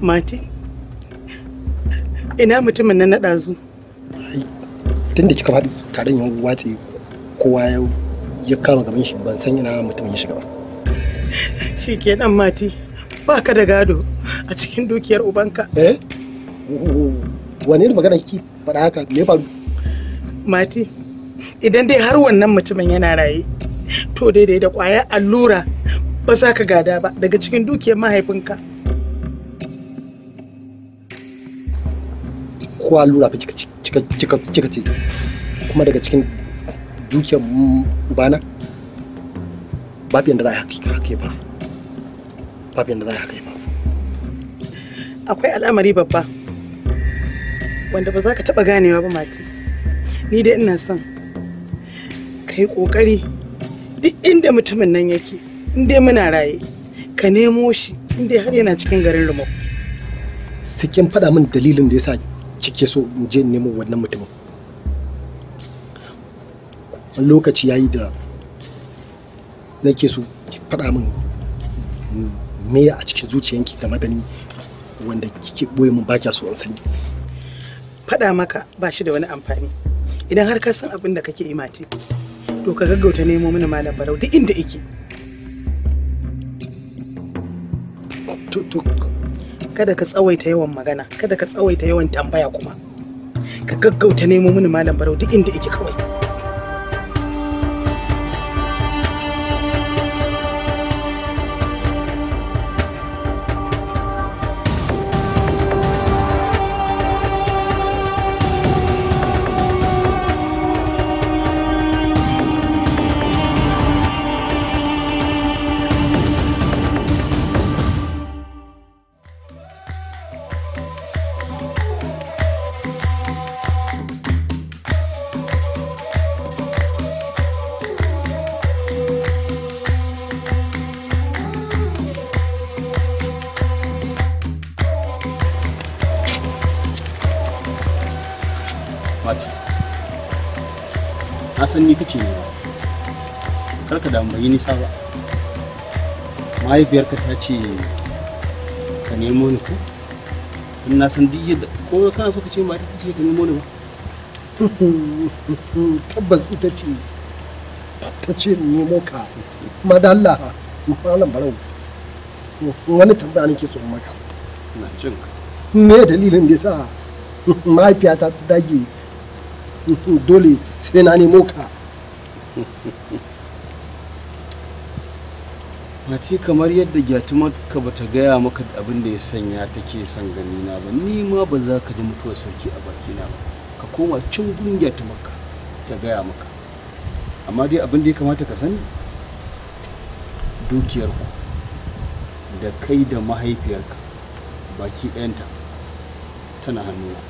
Mati, ina mutumin nan na ɗazu. Tun da kika faɗi taron yin watsi kowa ya kama gaban shi ban san ina mutumin ya shiga ba. Shi kenan Mati, ba ka da gado a cikin dukiyar ubanka. Eh? Wane ne magana ki faɗa haka me faru? Mati, idan dai har wannan mutumin yana raye, to daidai da ƙwayar allura ba za ka gada ba daga cikin dukiyar mahaifinka. kowa lura fa kika kika ce kuma daga cikin dukiyar bana babu yadda za a haka haka ya babu yadda za a akwai al'amari babba wanda ba za ka taɓa ganewa ba mati ni dai ina son ka yi ƙoƙari duk inda mutumin nan yake inda muna raye ka nemo shi inda har yana cikin garin rumau sikin faɗa min dalilin da yasa kike so in je nemo wannan mutumin lokaci yayi da nake so ki faɗa min me a cikin zuciyanki game da ni wanda kike boye min baki so an sani faɗa maka ba shi da wani amfani idan har ka san abin da kake imati to ka gaggauta nemo mini malam barau duk inda yake to to kada ka tsawaita yawan magana kada ka tsawaita yawan tambaya kuma ka gaggauta nemo mini malam barau duk inda yake kawai san ni kake ne kar ka damu bai nisa ba mahaifiyarka ta ce ka nemo ni ko in na san duk yadda ko kana so ka ce ma ta ce ka nemo ni ba tabbas ita ce ta ce nemo ka madalla malam barau wani tambaya nake so maka na jin me dalilin da yasa mahaifiyata ta dage dole sai na nemo ka Mati kamar yadda gyatumarka ba ta gaya maka abin da ya sanya take son gani na ba ni ma ba za ka ji mutuwar sarki a bakina ba ka koma cin gun ka ta gaya maka amma dai abin da ya kamata ka sani dukiyarku da kai da mahaifiyarka baki ɗayanta tana hannuna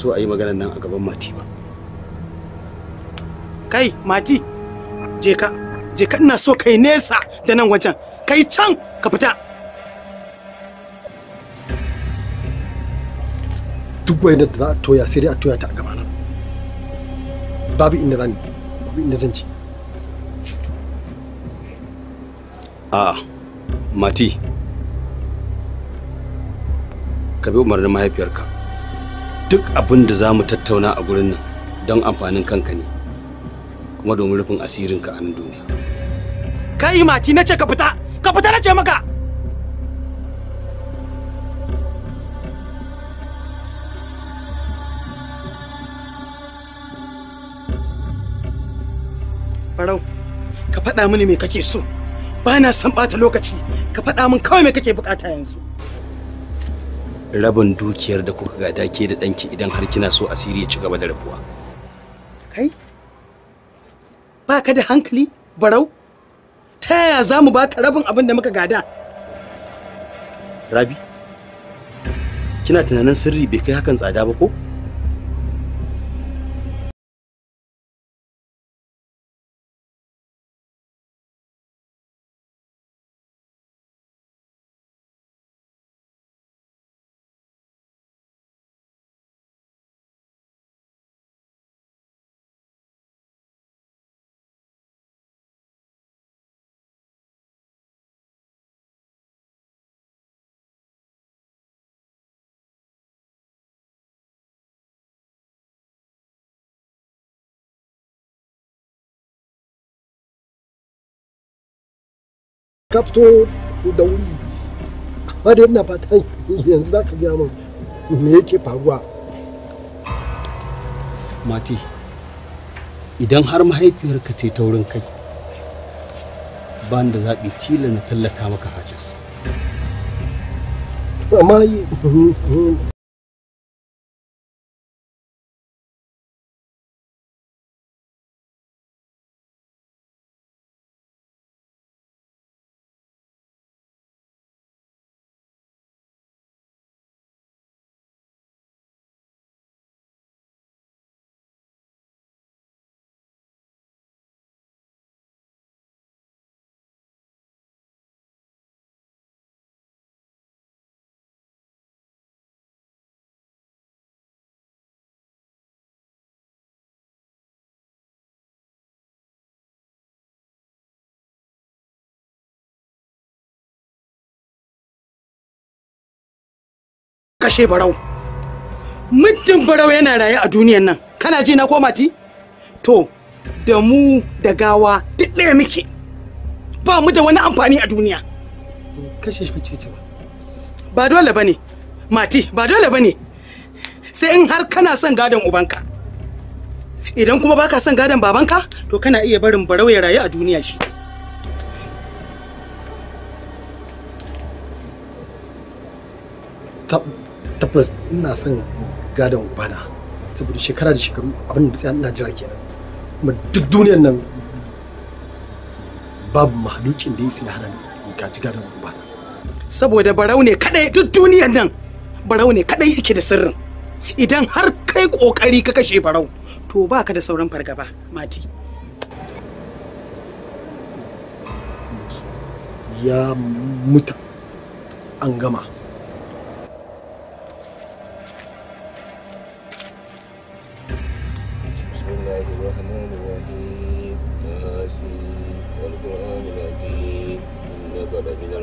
so a yi maganar nan a gaban mati ba kai mati je ka je ka ina so kai nesa da nan wajen kai can ka fita duk wani da za a toya sai dai a toya ta a nan. babu inda zani babu inda zan ci a mati ka bi umarnin mahaifiyarka duk abin da za mu tattauna a gurin nan don amfanin kanka ne kuma domin rufin asirin ka a nan duniya kai mati na ce ka fita ka fita na ce maka farau ka faɗa mini me kake so ba na son ɓata lokaci ka faɗa min kawai me kake bukata yanzu rabin dukiyar da kuka gada ke da ɗanki idan har kina so asiri ya ci gaba da rabuwa. Kai? Ba ka da hankali, barau? Ta yaya za mu baka rabin abin da muka gada? Rabi, kina tunanin sirri bai kai hakan tsada ba ko? kafto da wuri amma da yana fatan yanzu za ka gaya min me yake faruwa mati idan har mahaifiyarka ce ta wurin kai ba da zaɓi tila na tallata maka hajas amma kashe barau muddin barau yana raye a duniyan nan kana ji na ko mati to da mu da gawa duk ɗaya muke ba mu da wani amfani a duniya kashe shi mace ba ba dole bane mati ba dole bane sai in har kana son gadon ubanka idan kuma baka son gadon babanka to kana iya barin barau ya rayu a duniya shi tabbas ina son gadon bana saboda shekara da shekaru abin da tsaya ina jira kenan kuma duk duniyar nan babu mahalucin da ya sai hana ni gaji gadon bana saboda barau ne kadai duk duniyar nan barau ne kadai yake da sirrin idan har kai kokari ka kashe barau to baka da sauran fargaba mati ya mutu an gama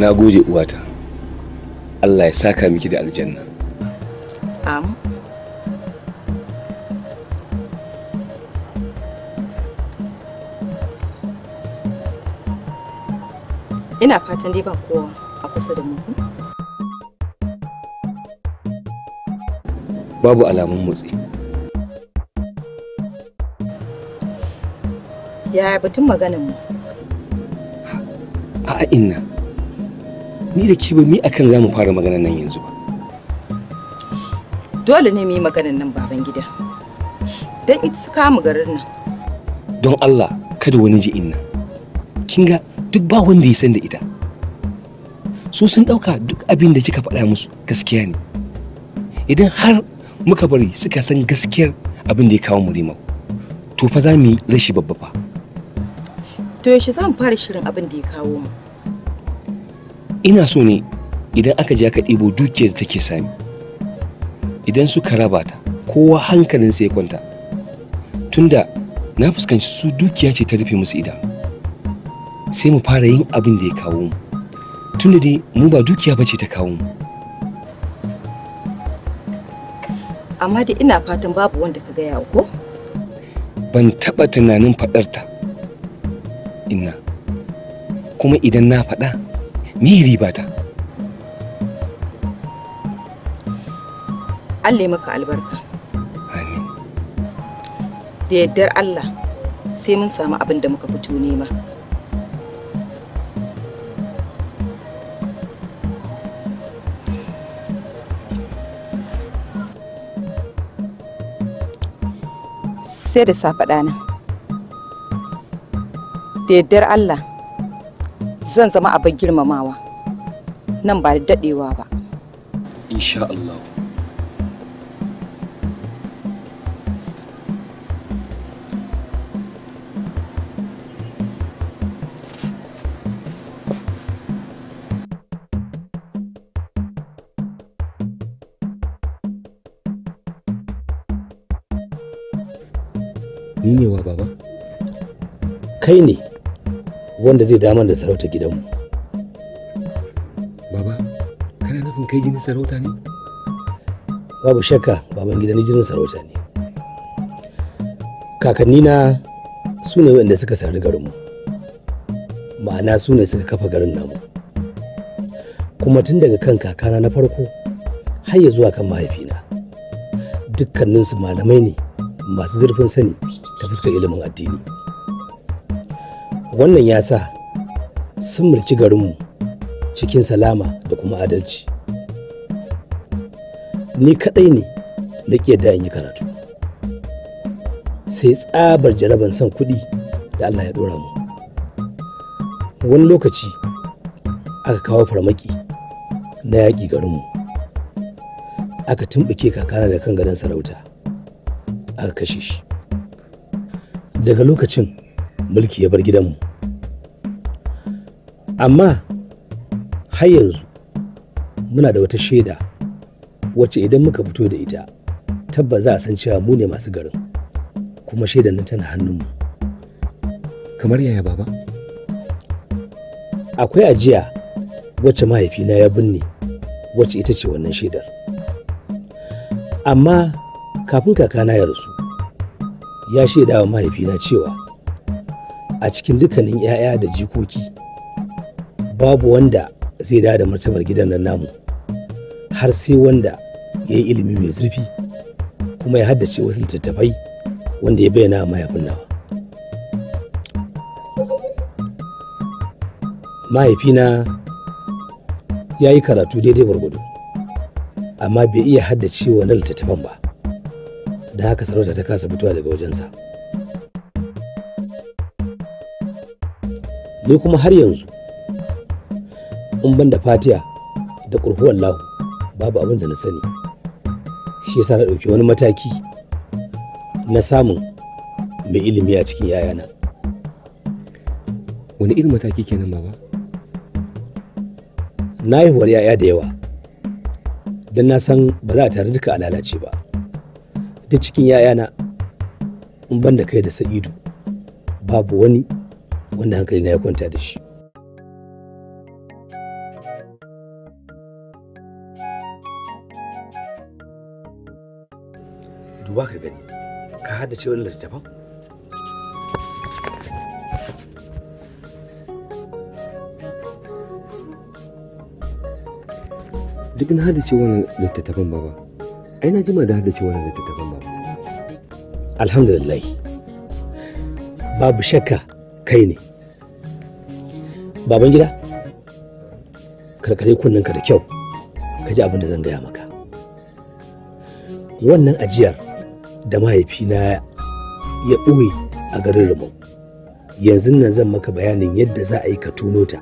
na gode uwata allah ya saka miki da aljanna am ina fatan dai ba kowa a kusa da mu babu alamun motsi yaya batun maganar mu a inna ni da ke ba mi akan za mu fara maganar nan yanzu ba dole ne mu yi maganar nan baban gida don ita su kama garin nan don Allah kada wani ji inna kin ga duk ba wanda ya san da ita su sun ɗauka duk abin da kika faɗa musu gaskiya ne idan har muka bari suka san gaskiyar abin da ya kawo mu rimau to fa za mu yi rashi babba fa to yaushe za mu fara shirin abin da ya kawo mu ina so ne idan aka je aka ɗibo dukiyar da take sami idan suka raba ta kowa sa ya kwanta tunda na fuskanci su dukiya ce ta rufe musu ida, sai mu fara yin abin da ya kawo mu tunda dai mu ba dukiya ba ce ta kawo mu amma da ina fatan babu wanda ka gaya ko ban taɓa tunanin faɗarta ina kuma idan na faɗa ni riba ta Allah maka albarka amin da yaddar Allah sai mun samu abin da muka fito nema sai da safaɗa na. da yaddar Allah zan zama abin girmamawa nan ba da daɗewa ba insha Allah ni ne wa baba kai ne wanda zai damar da sarauta gidanmu baba kana nufin kai jinin sarauta ne babu shakka baban gidan jinin sarauta ne kakannina su ne wanda suka sari garinmu ma'ana su ne suka kafa garin namu kuma tun daga kan kakana na farko har ya zuwa kan mahaifina dukkaninsu malamai ne masu zurfin sani ta fuskar ilimin addini wannan ya sa sun mulki garinmu cikin salama da kuma adalci ni kaɗai ne na ke da yi karatu sai tsabar jaraban son kuɗi da Allah ya ɗora mu wani lokaci aka kawo farmaki na yaƙi garinmu aka tumɓuke kakana da kan gadon sarauta aka kashe shi daga lokacin mulki ya bar gidanmu amma har yanzu muna da wata shaida wacce idan muka fito da ita tabba za a san cewa mu ne masu garin kuma shaidan nan tana hannun mu. kamar yaya baba akwai ajiya wacce mahaifina ya binne wacce ita ce wannan shaidar amma kafin kakana ya rasu ya shaida wa mahaifina cewa a cikin dukkanin 'ya'ya da jikoki babu wanda zai da da martabar gidan nan namu har sai wanda ya yi ilimi mai zurfi kuma ya haddace wasu littattafai wanda ya bayyana mahaifin nawa mahaifina ya yi karatu daidai gwargwado amma bai iya haddace wa na littattafan ba da haka sarauta ta kasa fitowa daga wajensa ni kuma har yanzu in ban da fatiya da ƙurhuwar lahu babu abin da na sani shi yasa na ɗauki wani mataki na samun mai ilimi a cikin yayana wani irin mataki kenan baba na yi wani yaya da yawa don na san ba za a tare duka a lalace ba duk cikin yayana in ban da kai da sa'idu babu wani wanda hankali na ya kwanta da shi duba ka gani ka ce wani littattafan duk na ce wannan littattafan baba ai na jima da ce wannan littattafan baba alhamdulillah babu shakka kai ne baban gida karkare kunnen ka da kyau ka ji abin da zan gaya maka wannan ajiyar da mahaifina ya ɓoye a garin Rimau. Yanzu nan zan maka bayanin yadda za a yi ka tono ta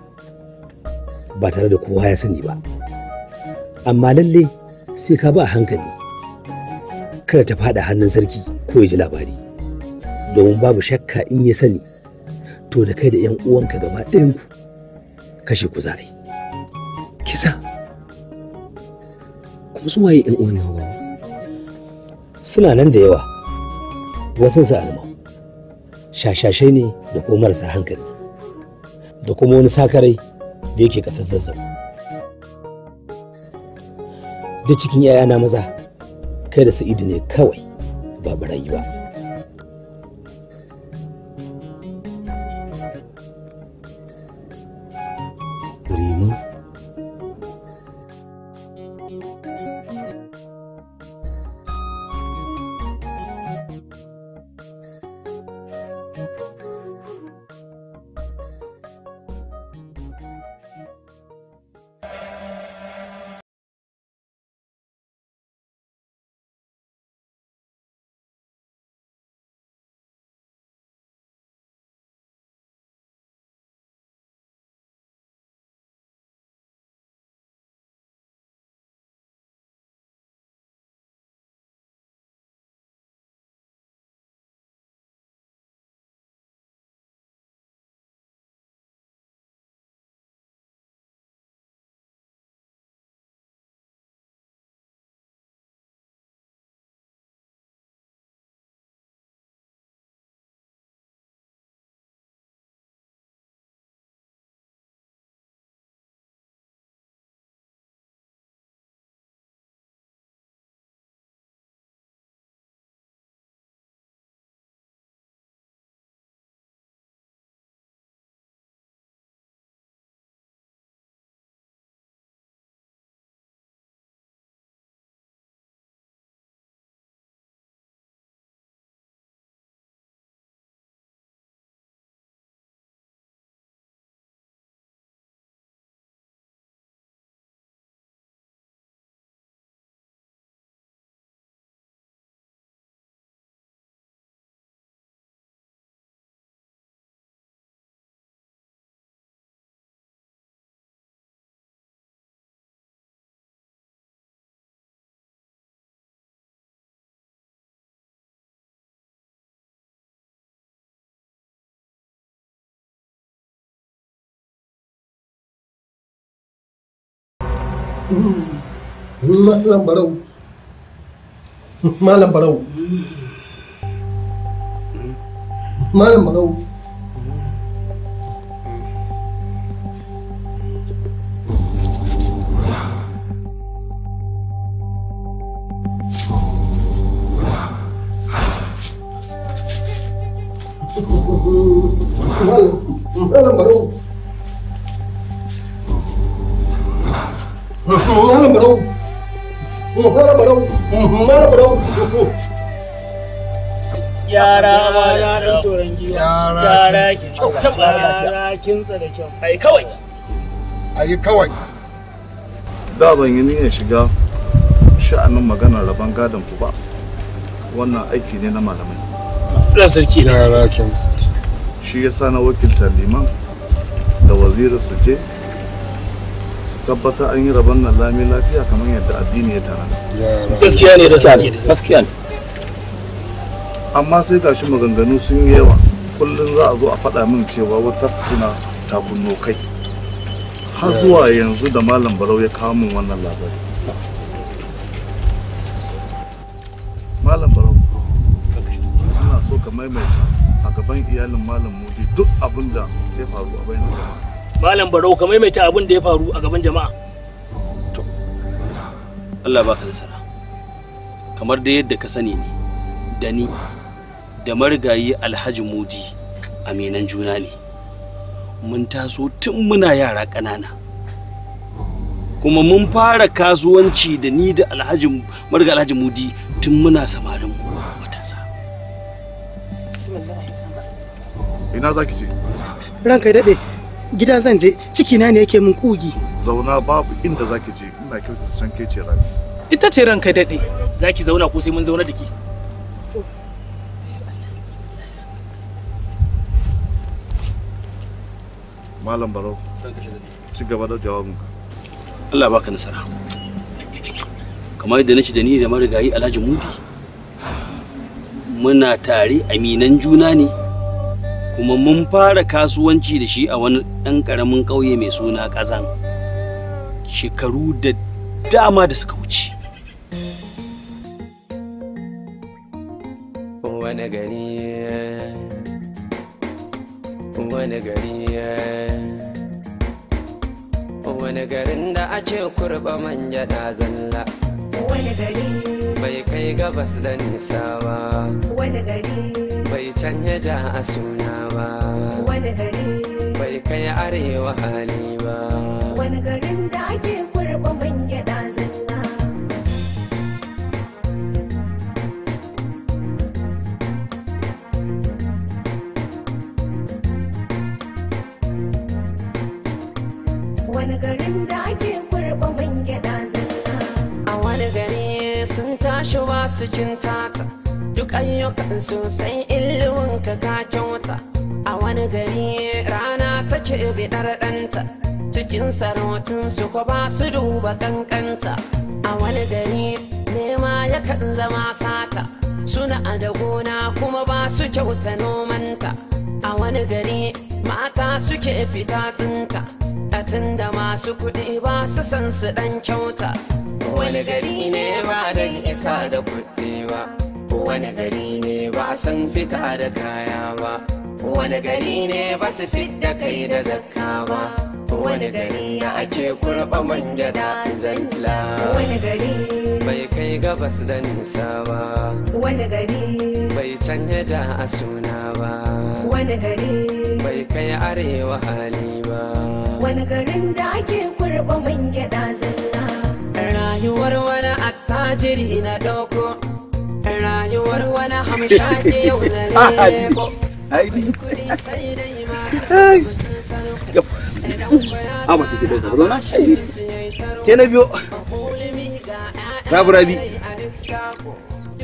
ba tare da kowa ya sani ba. Amma lalle sai ka ba hankali kada ta faɗa hannun sarki ko ya ji labari. Domin babu shakka in ya sani to da kai da 'yan uwanka gaba ɗayanku kashe ku za a yi. Kisa! Kuma su waye 'yan uwan nawa? suna nan da yawa wasu su alma shashashai ne da kuma marasa hankali da kuma wani sakarai da yake ƙasar zazzau duk cikin 'ya'yana maza kai da sa'idu ne kawai ba barayi ba Mak lam barau. Malam barau. Malam barau. Malam, malam barau. Mara barau. Mara barau. Mara barau. Yara ma yaran toron giwa. Yara ki kyau. Yara kin tsada kyau. Ai kawai. Ai kawai. Da ban yi niyyar shiga sha'anin maganar rabon gadon ku ba. Wannan aiki ne na malamai. Ɗan sarki. Yara kin. Shi ya sa na wakiltar liman da wazirin Suje? tabbata an yi rabon nan lami lafiya kamar yadda addini ya tara gaskiya ne da sani gaskiya ne amma sai gashi maganganu sun yi yawa kullum za a zo a faɗa min cewa wata fitina takunno kai har zuwa yanzu da malam barau ya kawo min wannan labari malam barau ina so ka maimaita a gaban iyalin malam mudi duk abin da ya faru a bayan jama'a Malam Barau ka maimaita abin da ya faru a gaban jama'a. To, Allah baka nasara. Kamar da yadda ka sani ne, da ni, da marigayi Alhaji Mudi aminan juna ne. Mun taso tun muna yara ƙanana. Kuma mun fara kasuwanci da ni da Alhaji marigayi Alhaji Mudi tun muna samarin mu matasa. Ina zaki ce? Ranka daɗe. gida zan je cikina ne yake min kugi zauna babu inda zaki je ina kyauta san ke ce rabi ita ce ranka dade zaki zauna ko sai mun zauna da ki malam barau ci gaba da ka Allah baka nasara kamar yadda nace da ni da marigayi Alhaji Mudi muna tare aminan juna ne kuma mun fara kasuwanci da shi a wani ɗan ƙaramin ƙauye mai suna ƙazan shekaru da dama da suka wuce wani gari wani gari wani garin da a ce kurba manja na zalla wani gari bai kai gabas da nisa ba wani gari bai canja a suna tsinta a tunda masu kuɗi ba su san su ɗan kyauta wani gari ne ba dan isa da kuɗi ba wani gari ne ba san fita da kaya ba wani gari ne ba su fidda kai da zakka ba wani gari ne ake kurɓa manja da zalla wani gari bai kai gabas da nisa ba wani gari bai canja a suna ba wani gari bai kai arewa hali ba wani garin da ake kurba man gyaɗa zalla rayuwar wani attajiri na ɗauko rayuwar wani ke yau na leko Ama ke na biyo rabu rabi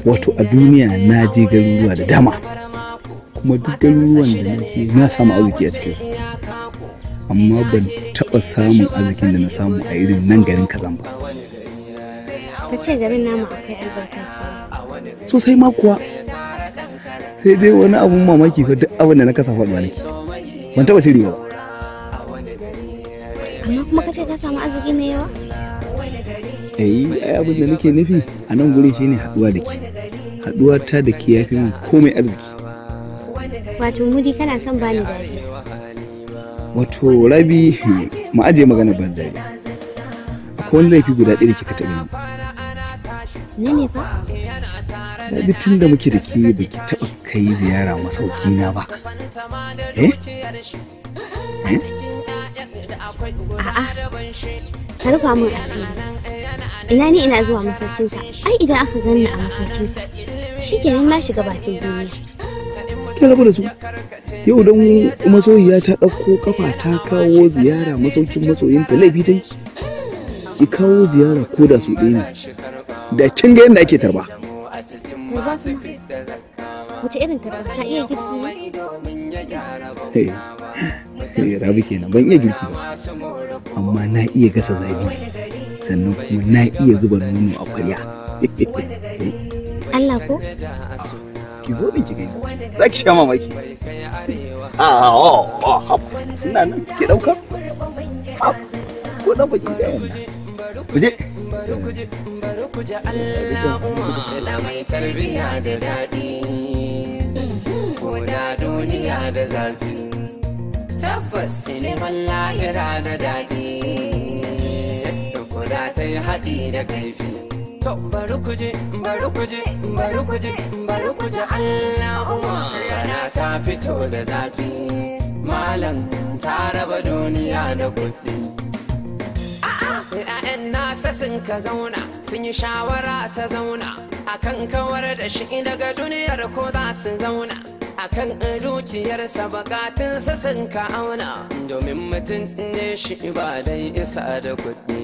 wato a duniya na je garuruwa da dama kuma duk garuruwan da na je na samu arziki a cikin amma ban taɓa samun arzikin da na samu a irin nan garin kazan ba ka ce garin namu akwai albarka sosai ma kuwa sai dai wani abun mamaki ko duk abin da na kasa faɗuwa nake ban taɓa cirewa ba amma kuma ka ce ka samu arziki mai yawa eh ai abin da nake nufi a nan gurin shine haɗuwa da ke haɗuwa ta da ke ya fi komai arziki wato mudi kana son bani dariya wato rabi mu aje magana ban dariya akwai wani laifi guda ɗaya da kika taɓa yi ne ne fa rabi tun da muke da ke baki taɓa kai ziyara masauki na ba eh? eh a'a ka rufa min asiri ina ne ina zuwa masaukinka ai idan aka ganni a masaukinka shikenan na shiga bakin duniya ya da su yau don masoyiya ta ɗauko kafa ta kawo ziyara masaukin masoyinta laifi ta ki kawo ziyara ko da su ɗaya ne da kin ga yadda ake tarba wace irin tarba ta iya girki ne rabi kenan ban iya girki ba amma na iya gasa zabi sannan kuma na iya zuba nono a kwarya Allah ko ki zo ne ki gani za sha mamaki ah, ah, ah, ina nan ki dauka ko dan baki da yana kuje tabbas neman lahira da daɗi da ta haɗi da kaifi to bari ku ji bari ku ji bari ku ji bari rana ta fito da zafi malam ta raba duniya da kuɗi a'a nasa sun ka zauna sun yi shawara ta zauna akan kawar da shi daga duniyar ko za su zauna akan dukiyarsa bukatunsa sun ka auna domin mutum ne shi ba dai isa da kuɗi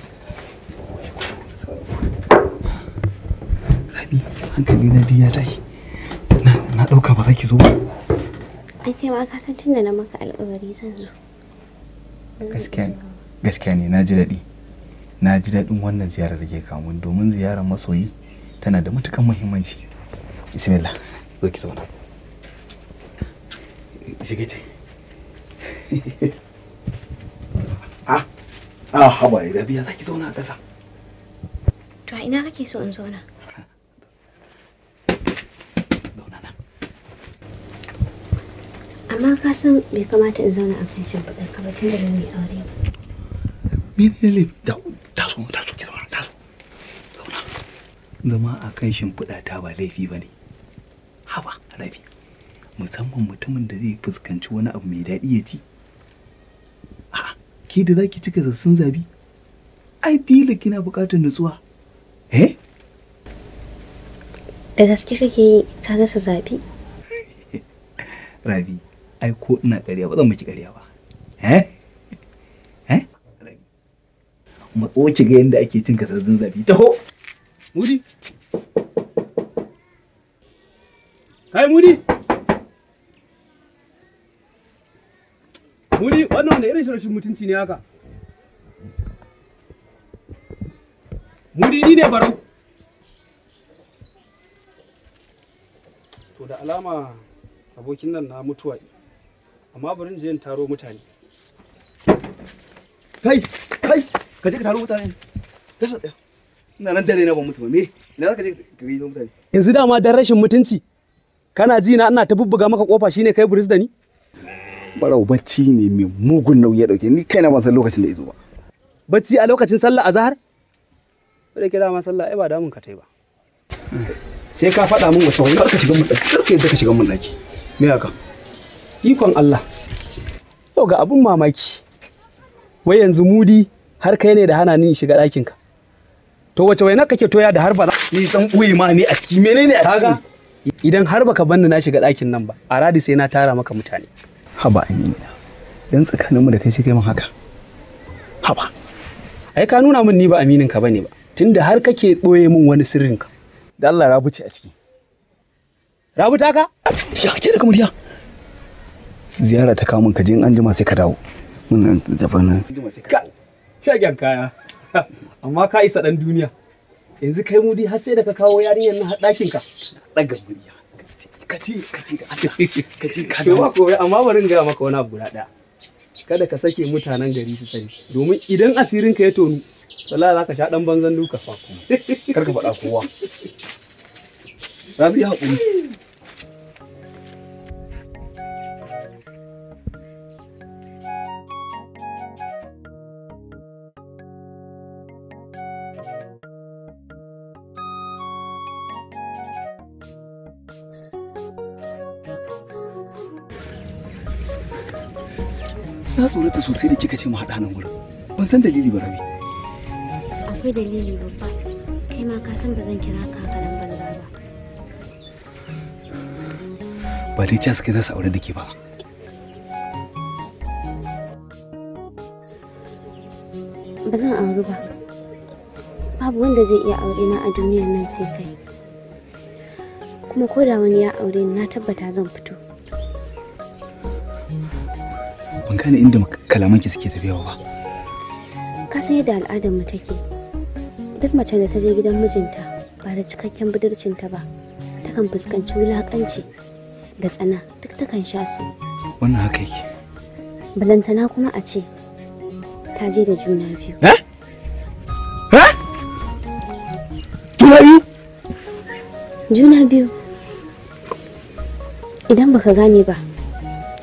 hankali na diya tashi na na dauka ba za ki zo ba ai kai ma ka san tunda na maka alƙawari zan zo gaskiya ne gaskiya ne na ji daɗi na ji daɗin wannan ziyarar da ke kamun domin ziyarar masoyi tana da matukan muhimmanci bismillah zo ki zauna shige ce a a haba biya za ki zauna a ƙasa to ina kake so in zauna amma ka san bai kamata in zauna a kan shimfiɗar ka ba tun da ni yi aure ba mene ne da ta so ki zauna ta so zama a kan shimfiɗa ta ba laifi ba ne haba rabi musamman mutumin da zai fuskanci wani abu mai daɗi ya ci a'a ke da zaki cika sassun zabi ai dila kina buƙatar nutsuwa eh da gaske kake ka gasa zabi rabi ai ko ina ƙarya ba zan miki ƙarya ba eh eh matso ki ga yadda ake cin kasazzin zabi taho mudi kai mudi mudi wannan wanda irin rashin mutunci ne haka mudi ni ne barau to da alama abokin nan na mutuwa amma bari je in taro mutane kai kai ka je ka taro mutane ina nan dare na ban mutum me ina za ka je ka yi mutane yanzu dama dan rashin mutunci kana ji na ina ta bubbuga maka kofa shine kai buris da ni barau bacci ne mai mugun nauyi ya dauke ni kaina ban san lokacin da ya zo ba bacci a lokacin sallah azhar da ke dama sallah ai ba damun ka tai ba sai ka faɗa min wace wani ka shiga mun ɗaki ka shiga mun ɗaki me haka ikon Allah yau ga abin mamaki wai yanzu mudi har kai ne da hana ni shiga ɗakinka to wace waina kake toya da har ba ni dan uyi ma ni a ciki menene a ciki idan har baka banni na shiga ɗakin nan ba a radi sai na tara maka mutane haba amina yan tsakaninmu da kai sai kai mun haka haba ai ka nuna min ni ba aminin ka bane ba tunda har kake ɓoye min wani sirrin ka da Allah rabu ce a ciki rabu ka ya ke da kamar ziyara ta kawo min ka je in an jima sai ka dawo mun nan da daban shagen kaya amma ka isa dan duniya yanzu kai mu dai har sai da ka kawo yarinyar nan ɗakin ka daga buriya ka murya ka kaci da ka kaci ka dawo ko amma bari in ga maka wani abu guda daya kada ka sake mutanen gari su sani domin idan asirin ka ya tonu wallahi zaka sha dan banzan duka fa kuma kar ka faɗa kowa rabi hakuri tsorata sosai da kika ce mu haɗa nan wurin ban san dalili ba rabi akwai dalili babba kai ma ka san ba zan kira ka haka nan banza ba ba dai cas kai za su aure da ke ba ba zan auri ba babu wanda zai iya aure na a duniyar nan sai kai kuma ko da wani ya aure na tabbata zan fito gane inda kalamanki suke tafiya ba ka san yadda al'adar mu take duk mace da ta je gidan mijinta ba da cikakken budurcinta ba takan fuskanci wulakanci da tsana duk takan sha su wannan haka yake balantana kuma a ce ta je da juna biyu eh, eh? juna biyu juna biyu idan baka gane ba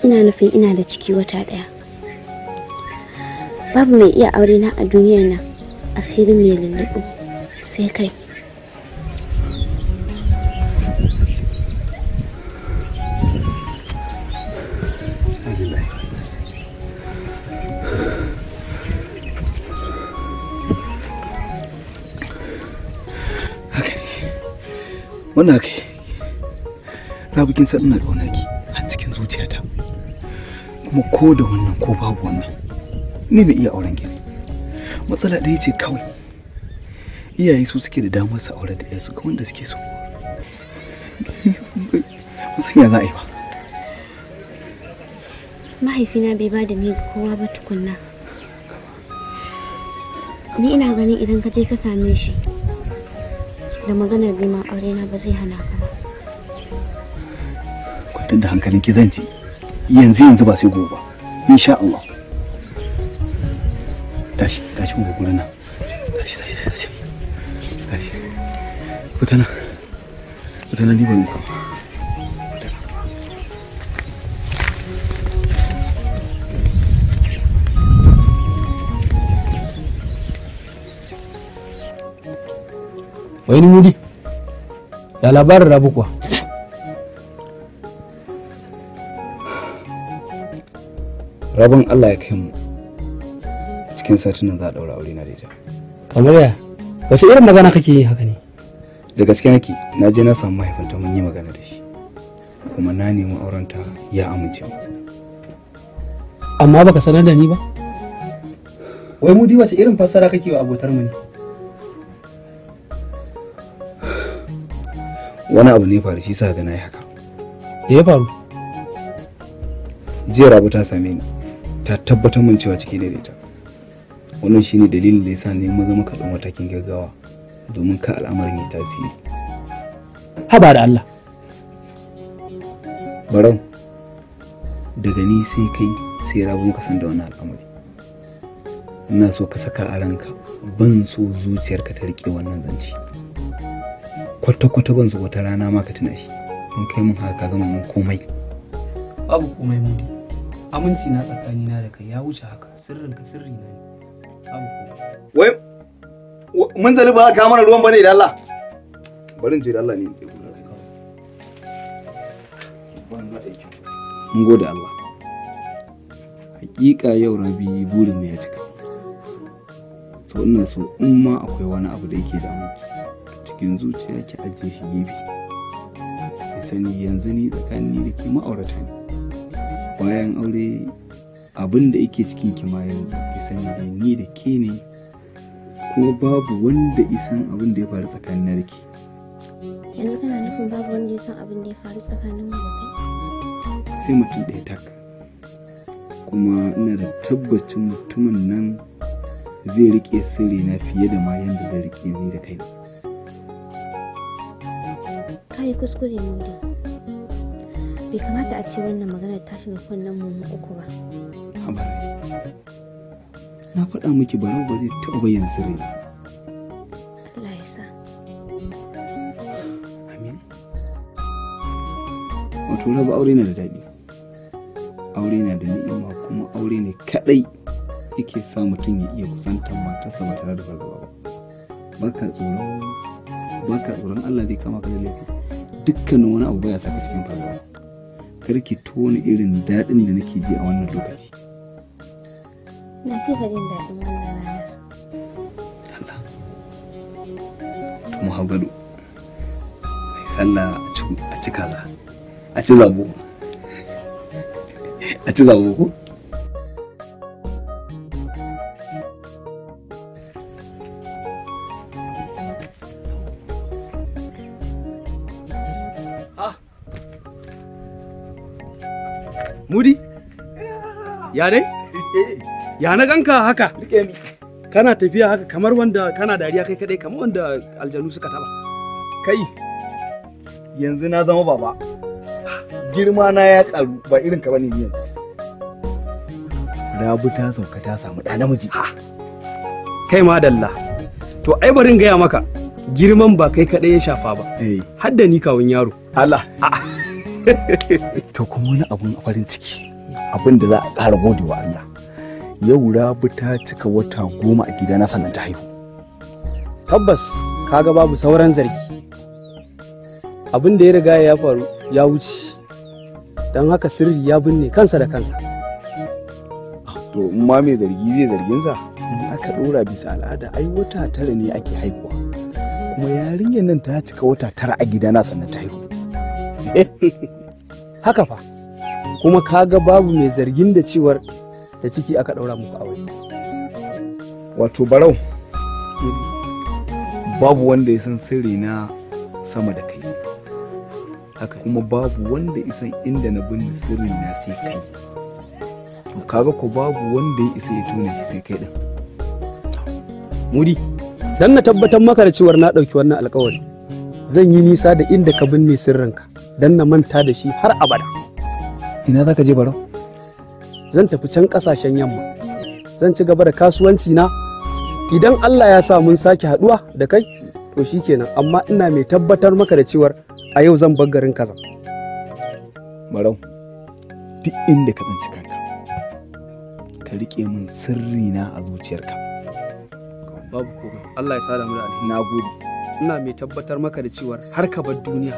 ina nufin ina da ciki wata ɗaya babu mai iya aure na a duniya na asiri mai lulluɓi sai kai wannan haka na bikin san ina da wani kuma ko da wannan ko babu wannan ni bai iya auren gini matsala ɗaya ce kawai iyaye su suke da damar su aure da su ga wanda suke so musan ya za a yi ba mahaifina bai ba da ni kowa ba tukunna ni ina ganin idan ka je ka same shi da maganar neman aure na ba zai hana ka ba kwantar da hankalin ki zan ci yanzu yanzu ba sai gobe insha Allah tashi tashi ku gura na tashi tashi tashi tashi kutana kutana ni ku wai ni wuri ya labarin rabu kuwa rabon Allah ya kai mu cikin satunan za a daura aure na da kamar ya wasu irin magana kake yi haka ne da gaske nake na je na samu mahaifinta mun yi magana da shi kuma na nemi aurenta ya amince mu amma baka sanar da ni ba wai mu wace irin fassara kake wa abotar mu ne wani abu ne faru shi sa ga na yi haka ya faru jiya rabu ta same ni ta tabbatar min cewa ciki ne da ita wannan shine dalilin da yasa ne mun zama karɓar matakin gaggawa domin ka al'amarin ya tasiri haba da Allah barau daga ni sai kai sai rabu ka san da wannan al'amari ina so ka saka a ranka ban so zuciyarka ta rike wannan zanci kwata-kwata ban so wata rana ma ka tuna shi in kai mun haka gama mun komai babu komai mudi aminci na tsakani na da kai ya wuce haka sirrin ka sirri na ne wai mun zali ba ka mana ruwan bane da Allah bari in je da Allah ne mun gode Allah hakika yau rabi burin ne ya cika so wannan so in ma akwai wani abu da yake da cikin zuciya ki ajiye shi gefe sani yanzu ni tsakanin da ke ma'aurata ne bayan aure abin da yake cikin kima yau ya sani da ni da ke ne kuma babu wanda isan abin da ya faru tsakanin na ke yanzu kana nufin babu wanda ya san abin da ya faru tsakanin mu kai sai mutum ɗaya tak kuma ina da tabbacin mutumin nan zai rike sirri na fiye da ma yanda zai rike ni da kai kai kuskure mu da bai kamata a ce wannan maganar ta shiga kunnen mu uku ba na faɗa miki ba ba zai taɓa bayyana sirri Allah ya sa amin wato rabu aure na da daɗi aure na da ni'ima kuma aure ne kaɗai yake sa mutum ya iya kusantar matarsa ba tare da fargaba ba baka tsoron baka tsoron Allah zai kama ka da laifi dukkanin wani abu baya saka cikin fargaba karki tona irin daɗin da nake ji a wannan lokaci na fi ka jin daɗin wannan rana Allah mu habaru mai sallah a cika za a ci zabo a ci zabo ko Ya dai? Ya na ganka haka? Rike ni. Kana tafiya haka kamar wanda kana dariya kai kadai kamar wanda aljanu suka taba. Kai yanzu na zama baba. Girma na ya tsaru ba irin ka bane yanzu. Rabu ta sauka ta samu ɗa namiji. Kai ma dalla. To ai bari in gaya maka girman ba kai kadai ya shafa ba. Eh. Hadda ni kawun yaro. Allah. Ah. To kuma wani abun farin ciki. abin da za a ƙara gode wa Allah yau rabu ta cika wata goma a gidana sannan ta haihu tabbas kaga babu sauran zargi abin da ya riga ya faru ya wuce don haka sirri ya binne kansa da kansa ah, to in ma mai zargi zai zarginsa in aka ɗora bisa al'ada ai wata tara ne ake haihuwa kuma yarinyar nan ta cika wata tara a gidana sannan ta haihu haka fa kuma kaga babu mai zargin da cewar da ciki aka daura muku aure wato barau babu wanda ya san sirri na sama da kai haka kuma babu wanda ya san inda na binne sirri na sai kai to kaga ko babu wanda ya isa ya tona shi sai kai din muri dan na tabbatar maka da cewar na ɗauki wannan alkawari zan yi nisa da inda ka binne sirrinka dan na manta da shi har abada ina za ka je barau zan tafi can kasashen yamma zan ci gaba da kasuwanci na idan allah ya sa mun sake haduwa da kai to shikenan amma ina mai tabbatar maka da cewar a yau zan bar garin kaza barau duk inda ka tsinci kanka ka riƙe min sirri na a zuciyarka babu komai allah ya sada mu da alheri na gode ina mai tabbatar maka da cewar har ka bar duniya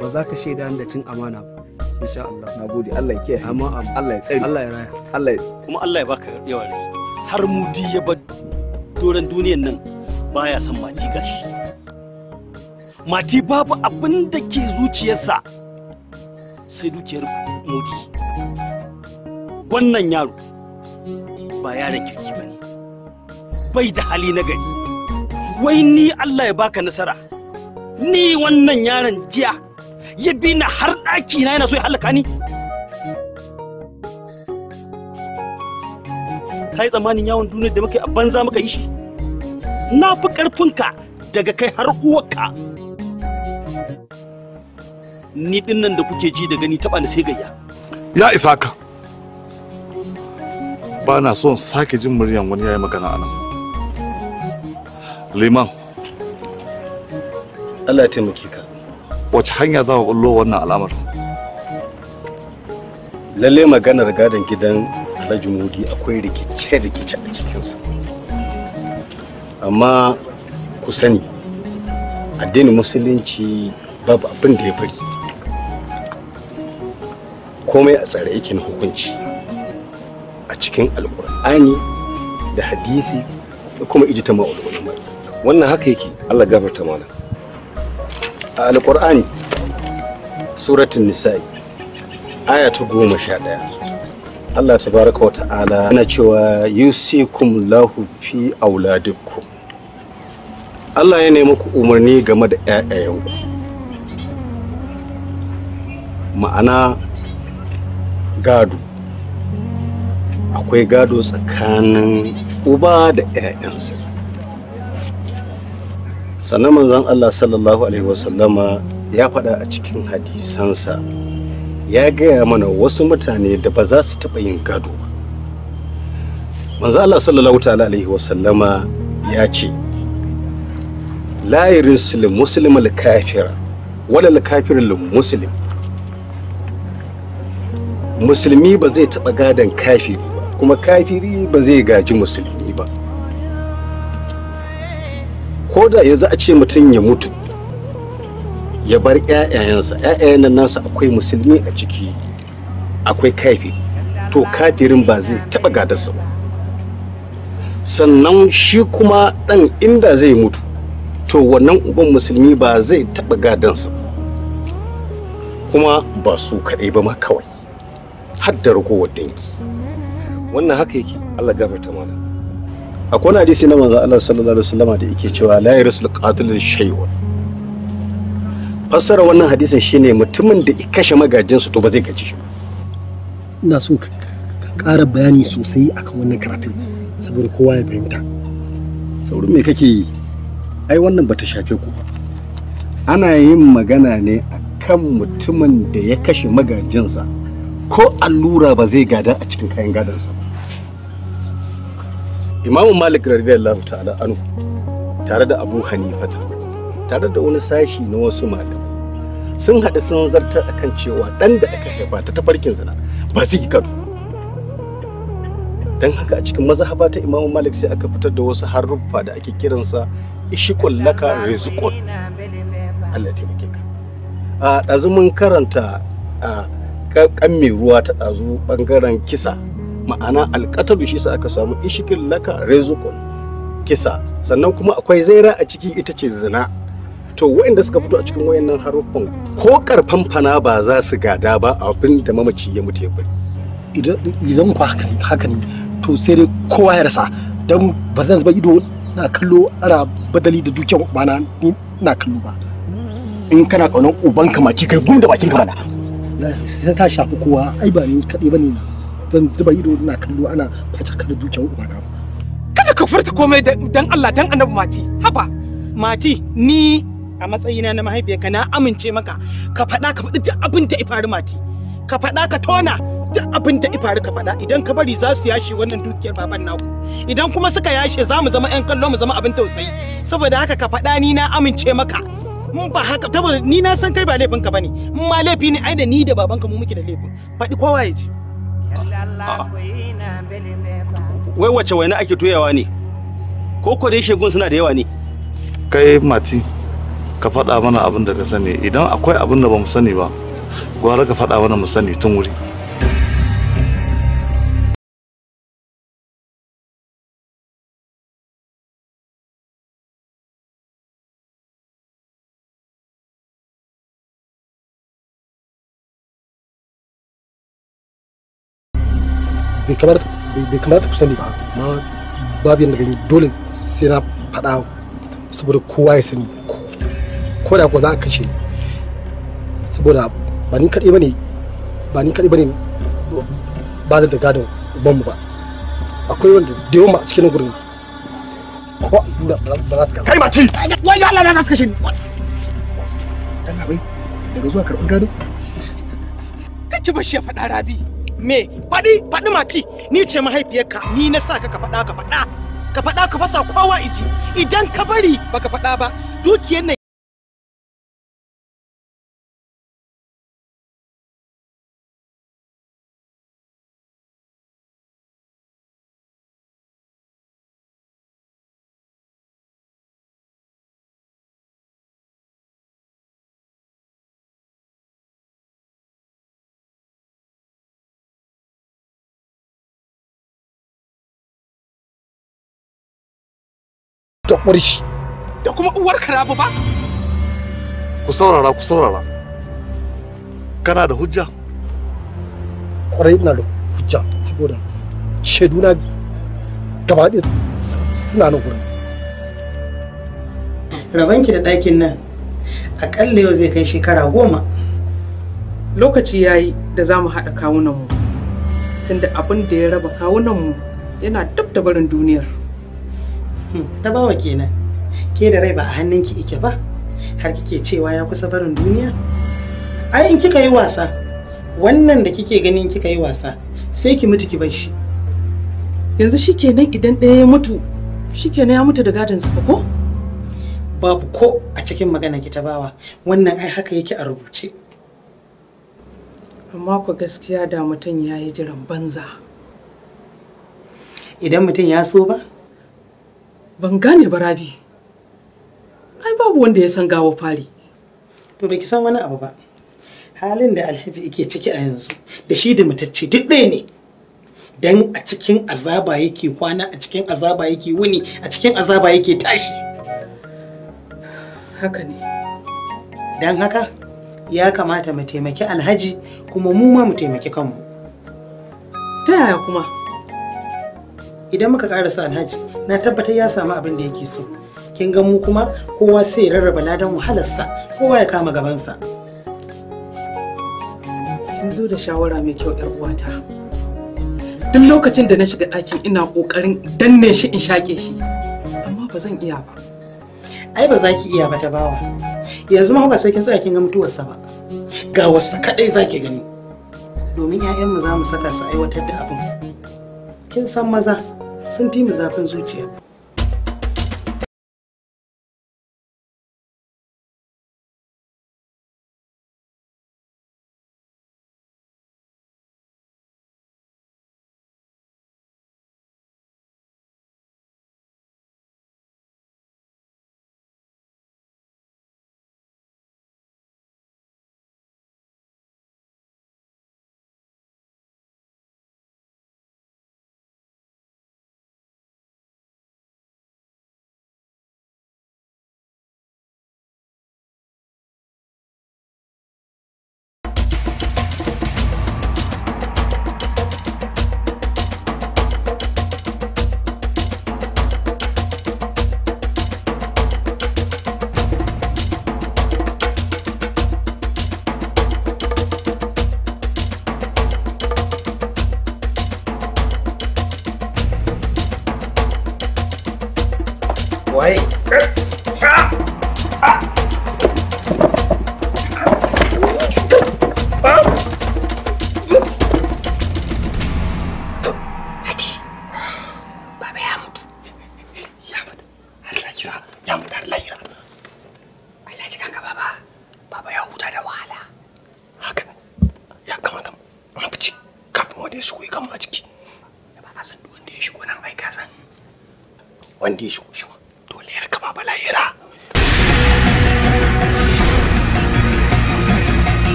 ba za ka shaida da cin amana ba insha Allah nagode Allah ya kiyaye amma Allah ya tsare Allah ya raya Allah kuma Allah ya baka yawa rai har mudi ya bar doran duniyar nan baya son mati gashi mati babu abin da ke zuciyarsa sai dukiyar mudi wannan yaro ba yaron kirki ba ne bai da hali na gari wai ni Allah ya baka nasara ni wannan yaron jiya ya bi na har ɗaki na yana so ya halaka ni ka yi tsammanin yawon duniya da muka a banza muka yi shi na fi ƙarfinka daga kai har uwarka ni din nan da kuke ji da gani taɓa ni sai gayya ya isa ka ba na son sake jin muryan wani yayi magana a nan liman Allah ya taimake ka wace hanya za ka kullo wannan al'amar lalle maganar gadon gidan alhaji mudi akwai rikice-rikice a cikinsa amma ku sani addinin musulunci babu abin da ya fari komai a tsare yake na hukunci a cikin alkur'ani da hadisi da kuma ijita ma'ulwa wannan haka yake allah gafarta mana a alkur'ani suratun nisa'i aya ta goma sha ɗaya allah ta baraka wa ta'ala yana cewa yusikum lahu fi auladikum allah ya nemi ku umarni game da ku. ma'ana gado akwai gado tsakanin uba da 'ya'yansa sannan manzon Allah sallallahu alaihi wasallama ya faɗa a cikin hadisansa ya gaya mana wasu mutane da ba za su taɓa yin gado ba manzon Allah sallallahu ta'ala alaihi wasallama ya ce la yurisul muslim al kafira wala al kafir al muslim musulmi ba zai taɓa gadon kafiri ba kuma kafiri ba zai gaji musulmi ko da yanzu a ce mutum ya mutu ya bar ƴaƴayensa ƴaƴayen nasa akwai musulmi a ciki akwai kafi to kafirin ba zai taɓa gadarsa ba sannan shi kuma ɗan inda zai mutu to wannan uban musulmi ba zai taɓa gadansa ba kuma ba su kaɗai ba ma kawai har da ragowar dangi wannan haka yake allah gafarta mana. akwai hadisi na manzo Allah sallallahu alaihi wasallama da yake cewa la yarsul qatil shay'un fassara wannan hadisin shine mutumin da ya kashe magajin su to ba zai gaji shi ina so ka ƙara bayani sosai akan wannan karatun saboda kowa ya fahimta saurin me kake yi ai wannan bata shafe ku ana yin magana ne akan mutumin da ya kashe magajinsa ko allura ba zai gada a cikin kayan gadansa ba imamu malik radiyallahu ta'ala anhu tare da abu Hanifa tare da wani sashi na wasu malamai sun haɗu sun zarta akan cewa ɗan da aka haifa ta tafarkin zina ba zai yi dan don haka a cikin mazhaba ta imamu malik sai aka fitar da wasu haruffa da ake kiransa ishiqul laka rizqul Allah taimake ka a dazu mun karanta a kan mai ruwa ta dazu bangaren kisa ma'ana alƙatalu shi sa aka samu ishikin laka rezukun kisa sannan kuma akwai zaira a ciki ita ce zina to waɗanda suka fito a cikin wayannan haruffan ko karfan fana ba za su gada ba abin da mamaci ya mutu ya idan ku haka ne to sai dai kowa ya rasa dan ba zuba ido na kallo ana badali da dukiyar bana ni na kallo ba in kana kaunan ubanka mace kai gunda bakin ka mana sai ta shafi kowa ai ba ni kaɗai ba ne zan zuba ido ina kallo ana fatakar zuciyar uba na kada ka furta komai dan Allah dan annabi mati haba mati ni a matsayina na mahaifiyarka na amince maka ka faɗa ka faɗi duk abin da ifari mati ka faɗa ka tona duk abin da ifari ka faɗa idan ka bari za su yashe wannan dukiyar baban naku idan kuma suka yashe za mu zama 'yan kallo mu zama abin tausayi saboda haka ka faɗa ni na amince maka mun ba haka saboda ni na san kai ba laifinka bane in ma laifi ne ai da ni da babanka mu muke da laifin faɗi kowa ya ji Wai wace waina ake toyawa ne? Ko ko dai shegun suna da yawa ne? Kai Mati, ka faɗa mana abin da ka sani idan akwai abin da ba mu sani ba, gwara ka faɗa mana mu sani tun wuri. bai ta ku sani ba amma babu yadda gani dole sai na faɗa saboda kowa ya sani ko da ko za a kashe ni saboda ba ni kaɗai bane ba ni kaɗai bane ba da gadon ubanmu ba akwai wanda da yawan a cikin gurin ko da ba za su kai mati wai ya Allah na za su kashe ni dan abai daga zuwa karɓar gado ba shi ya faɗa rabi me faɗi faɗi mati ni ce mahaifiyarka ni na sa ka ka faɗa ka faɗa ka faɗa ka fasa kowa iji idan ka bari baka faɗa ba dukiyar da ƙwarshi. Da kuma uwarka rabu ba? Ku saurara, ku saurara. Kana da hujja? Ƙwarai ina da hujja saboda shaiduna gaba suna nan gurin. Rabanki da ɗakin nan aƙalla yau zai kai shekara goma. Lokaci ya yi da za mu haɗa kawunanmu tunda abin da ya raba kawunanmu yana dab da barin duniyar. Hmm, ta bawa kenan ke da rai ba a hannunki ike ba har kike cewa ya kusa barin duniya ai in kika yi wasa wannan da kike ganin kika yi wasa sai ki mutu ki bar shi yanzu shikenan idan ɗaya ya mutu shikenan ya mutu da gadon sa ko babu ko a cikin magana ki ta bawa wannan ai haka yake a rubuce amma ku gaskiya da mutum ya yi jiran banza idan mutum ya so ba ban gane ba rabi ai babu wanda ya san gawo fari to ki san wani abu ba halin da alhaji yake ciki a yanzu da shi da matacce duk ɗaya ne dan a cikin azaba yake kwana a cikin azaba yake wuni a cikin azaba yake tashi haka ne dan haka ya kamata mu taimaki alhaji kuma mu ma mu taimaki kanmu ta yaya kuma idan muka karasa alhaji na tabbatar ya samu abin da yake so kin ga mu kuma kowa sai ya rarraba ladan wahalarsa kowa ya kama gabansa kin zo da shawara mai kyau yar uwata duk lokacin da na shiga ɗakin ina ƙoƙarin danne shi in shaƙe shi amma ba zan iya ba ai ba za ki iya ba ta bawa yanzu ma ba sai kin tsaya kin ga mutuwarsa ba ga wasu kaɗai za ki gani domin 'ya'yanmu za mu saka su aiwatar da abin kin san maza 生病不在分数减。